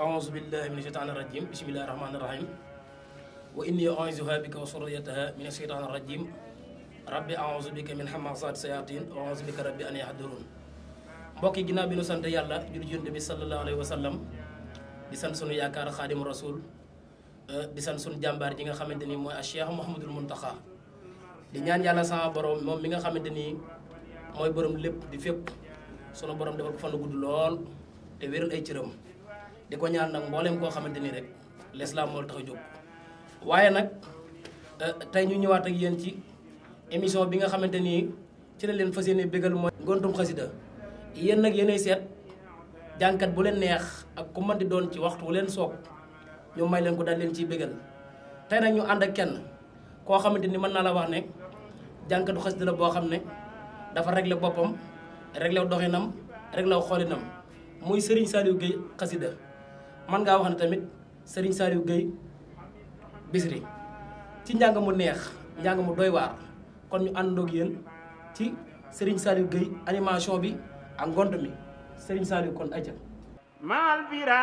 أعوذ بالله من الشيطان الرجيم بسم الله الرحمن الرحيم وإني أعوذ بك وسريتها من الشيطان الرجيم ربي أعوذ بك من حماسات سياطين أعوذ بك ربي أن يحضرون بوكي جنا بنو سانت يالا جوري جون دبي صلى الله عليه وسلم دي سان سونو ياكار خادم الرسول دي سان سون جامبار جيغا خامتني موي الشيخ محمود المنتخى دي نيان يالا سا بروم موم ميغا خامتني موي بروم ليب دي فيب سونو بروم دافا فانو غود لول te wéral ay cërëm di ko ñaan nak mboolem ko xamanteni rek l'islam mo tax a waye nak eh, tay ñu ñëwaat ak yeen ci émission bi nga xamanteni ci la leen fassiyene yéene bégal mooy ngontum xasida yéen nag yéenay seet jànkat bu leen neex ak ku mën di doon ci waxtu wu leen sok ñu may leen ko dal leen ci bégal tay nak ñu and ak kenn ko xamanteni mën na la wax ne jànkatu khassida la bo xamne dafa régler bopam régler doxinam régler xolinam muy Serigne Saliou Gueye khassida man nga wax ne tamit Serigne sariou Gueye bisri ci njangamu neex njangamu doy war kon ñu andok yeen ci Serigne sariou Gueye animation bi ak ngont mi Serigne sariou kon adja mal bira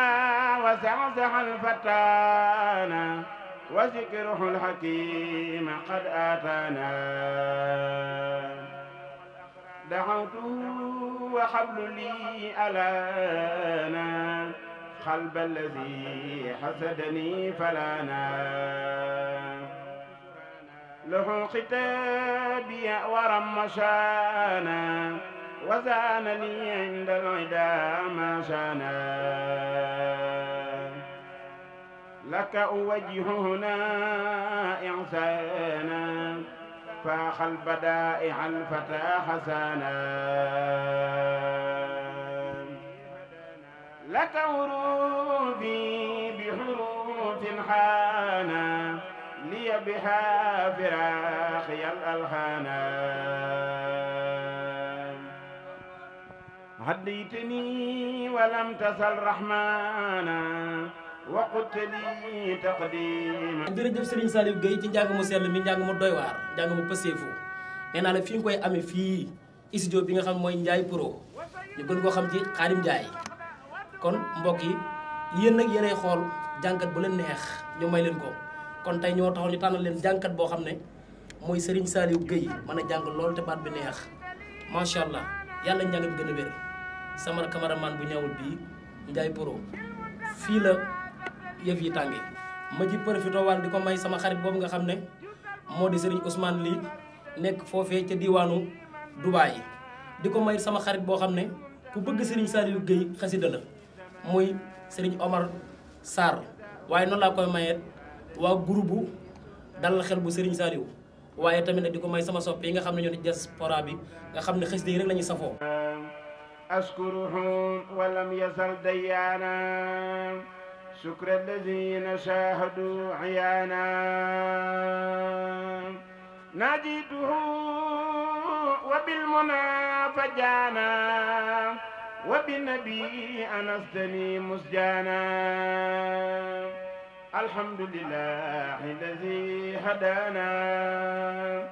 wa saxsaxal fatana wa zikruhul hakim qad atana wa hablu li alana حلب الذي حسدني فلا نام له ختابي ورم مشانا وزان لي عند العدا ما شانا لك أوجه هنا إعسانا فاخ البدائع الفتى حسانا لك هروبي بحروف حانا لي بها فراقي الألحانا هديتني ولم تسل رحمانا وقلت لي تقديما jërëjëf Serigne Saliou Gueye ci njàng mu sell mi njàng mu doy waar njàng mu pëseefu nee naa la fi nga koy amee fii studio bi nga xam mooy njaay Pro ñu gën koo xam ci Xaadim Ndiaye kon mbok yi yeen nag yéenay xool jànkat bu leen neex ñu may leen ko kon tey ñoo taxaw ñu tànnal leen jànkat boo xam ne mooy Serigne Saliou Guèye mën a jàng lool te baat bi neex macha allah yàlla njàng bi gën a wér sama cameraman bu ñawul bii Ndiaye Poro fii la yëf yi tàngee ma ji profité waal di ko may sama xarit boobu nga xam ne moo di Serigne Ousmane li nekk foofee ca diwaanu dubai di ko may sama xarit boo xam ne ku bëgg Serigne Saliou Guèye xasida la muy Serigne Omar Sarr waaye noonu laa koy mayeet waa groupe dalal xel bu Serigne Saliou waaye tamit nag di ko may sama soppe yi nga xam ne ñoo di diaspora bi nga xam ne xasida yi rek la ñuy safoo askuruhum walam yasal dayaana shukra alladina shahadu iyaana naajituhu wa bilmuna fajaana وبالنبي أنستني مسجانا الحمد لله الذي هدانا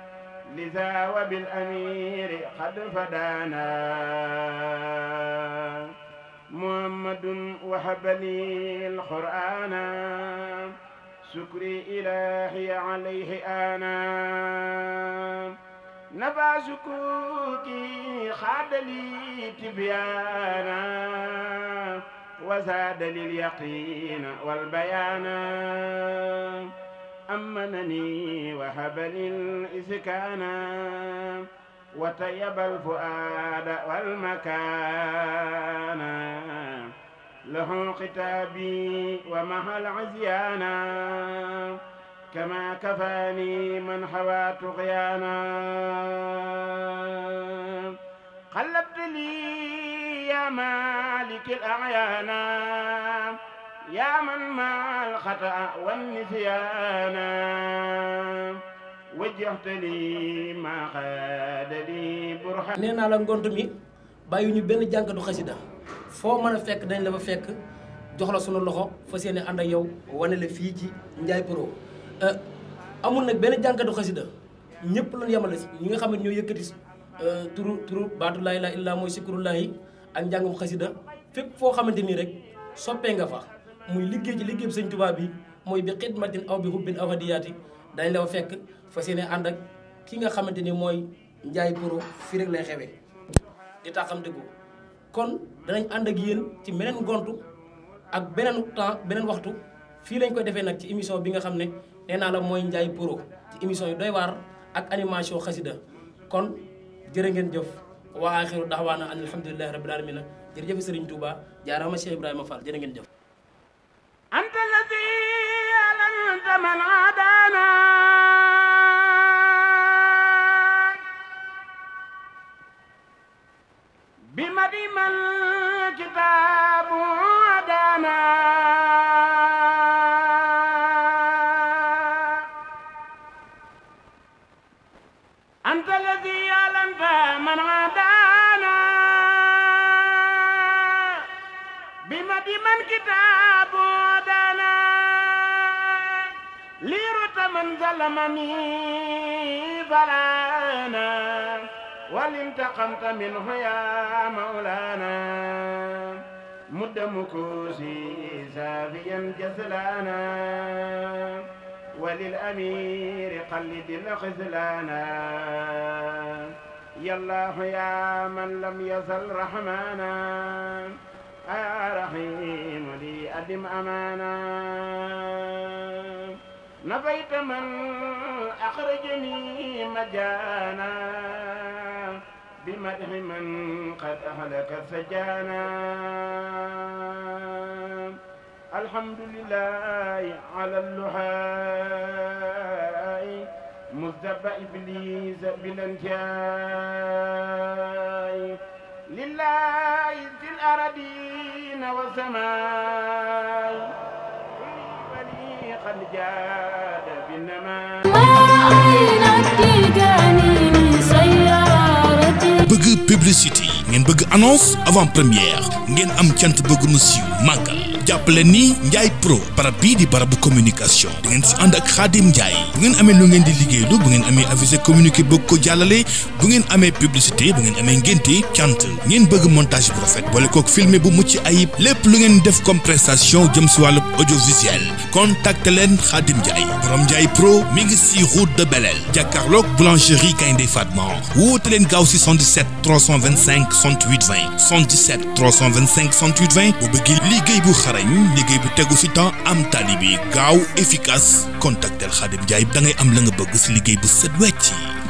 لذا وبالأمير قد فدانا محمد وهب لي القرآن شكري إلهي عليه آنا نبع شكوكي خاد لي تبيانا وزاد لي اليقين والبيانا أمنني وهب لي الإسكانا وطيب الفؤاد والمكانا له ختابي ومها العزيانا كما كفاني من حوى طغيانا قلبت لي يا مالك الاعيان يا من مع الخطا والنسيان وجهت لي ما خاد لي برحا نينا لا غونت مي بايو جانك دو خسيدا فو مانا فيك فك لا فيك جوخلا سونو لوخو فاسيني اندا يو وانا لا نجاي برو Euh, amul nag benn jànkatu xasida ñëpp lañ yemale si ñi nga xam ne ñoo yëkkati euh, turu turu baatu laa ilaaha illallaa mooy sikkurullaahi ak njàngum xasida fépp foo xamante nii rek soppee nga fa muy liggéey ci liggéey sëñ tubaab bi mooy bi xidmatin aw bi hubbin aw hadiyaati dañ la fekk fa seen ànd ak ki nga xamante ni mooy njaay poro fii rek lay xewee di taxamte ko kon danañ ànd ak yéen ci beneen gontu ak beneen temps beneen waxtu fii lañ koy defee nag ci émission bi nga xam ne nena la moy njay Pro ci émission yu doy war ak animation khassida kon jere ngeen jëf wa akhiru daxwaana an rabbil alamin jere jëf Serigne Touba jaarama Cheikh Ibrahima Fall jere ngeen jëf anta ladhi alanta man adana بمديم kitabu adana من كتاب دنا ليرت من ظلمني ظلانا والانتقمت منه يا مولانا مد مكوسي ساغيا جزلانا وللأمير قلد الخذلانا يا الله يا من لم يزل رحمانا يا رحيم لي أدم أمانا نفيت من أخرجني مجانا بمدح من قد أهلك سجانا الحمد لله على اللحاء مذب إبليس بالأنجاب Bug publicity, une bug annonce avant première ngeen am cant bëgg mu siiw màggal jàppale ni Ndiaye Pro barab bii di barabu communication di ngeen si ànd ak Khadim Ndiaye bu ngeen amee lu ngeen di liggéeylu bu ngeen amee avisé communiqué bëgg ko jàllale bu ngeen amee publicité bu ngeen amee ngénte cant ngeen bëgg montage bu rafet boole kook filmé bu mucc ayib lépp lu ngeen def comme prestation jëm si wàllu audiovisuel contacte leen Khadim Ndiaye borom Ndiaye Pro mi ngi si route de Belel jàkkaarloog boulangerie Kayndé Fatma woote leen gaaw si 77 325 68 20 77 325 25 68 20 boo bëggee liggéey bu xarañ liggéey bu tegu ci temps am tali bi gaaw efficace contactel Khadim Ndiaye da ngay am la nga bëgg ci liggéey bu set wecc